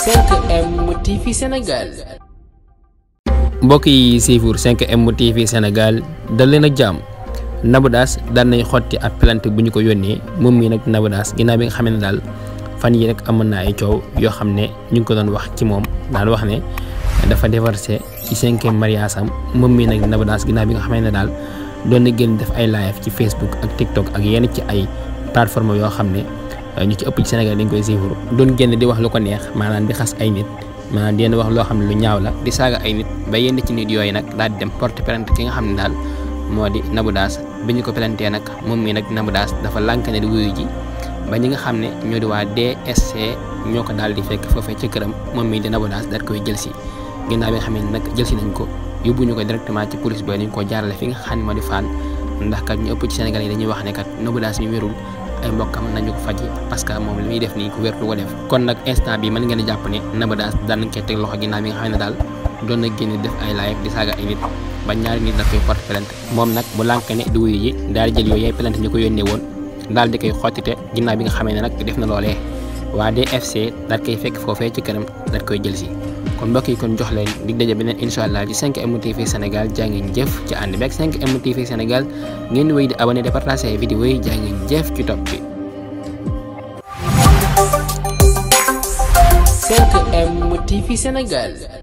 5M TV mbokk yi siifur 5 yi TV Sénégal dal leen ak jàmm Nabudaas daan nañ xotti ab plainte bu ñu ko yónnee moom mii nag Nabudaas ginnaaw bi nga xam ne daal fan yi rek amoon na ay coow yoo xam ne ñu ngi ko doon wax ci moom daan wax ne dafa divorcé ci cinquième mariage am moom mii nag Nabudaas ginnaaw bi nga xam ne daal doon na génn def ay live ci Facebook ak TikTok ak yenn ci ay plateforme yoo xam ne. ñu ci ëpp ci Sénégal dañ koy suivre doon génn di wax lu ko neex maanaam di xas ay nit maanaam di wax loo xam ne lu ñaaw la di saaga ay nit ba yenn ci nit yooyu nag daal di dem porte plainte ki nga xam ne daal moo di Nabou Dash bi ñu ko nag moom mii nag Nabou Dash dafa lànk ne di wuyu ji ba ñi nga xam ne ñoo di waa DSC ñoo ko daal di fekk foofee ci këram moom mii di Nabou Dash daal koy jël si ginnaaw bi nga xam ne nag jël si nañ ko yóbbu ñu ko directement ci police bi ñu ko jaarale fi xam ne di Fann ndax kat ñu ëpp ci Sénégal yi dañuy wax ne kat Nabou Dash mi wérul ay mbokkam nañu ko faji parce que moom li muy def nii ku wér du ko def kon nag instant bi mën ngeen a jàpp ne Naba Dash daan nañ koy loxo ginnaaw mi nga xam ne daal doon na génn def ay live di saaga ay nit ba ñaari nit daf koy porte plainte nag bu lànk ne du wuyu daal di jël yooyu plainte ñu ko yónnee woon daal di koy xottite ginnaaw bi nga xamee ne nag def na loole waa DFC daal koy fekk foofee ci kanam daal koy jël si kon mbokk yi kon jox leen dig daje beneen incha allah ci 5M TV Sénégal jaa ngeen jëf ci ànd beeg 5M TV Sénégal ngeen wéy di abonné di partage ay vidéo yi jaa ngeen jëf ci topp bi. 5M TV Sénégal.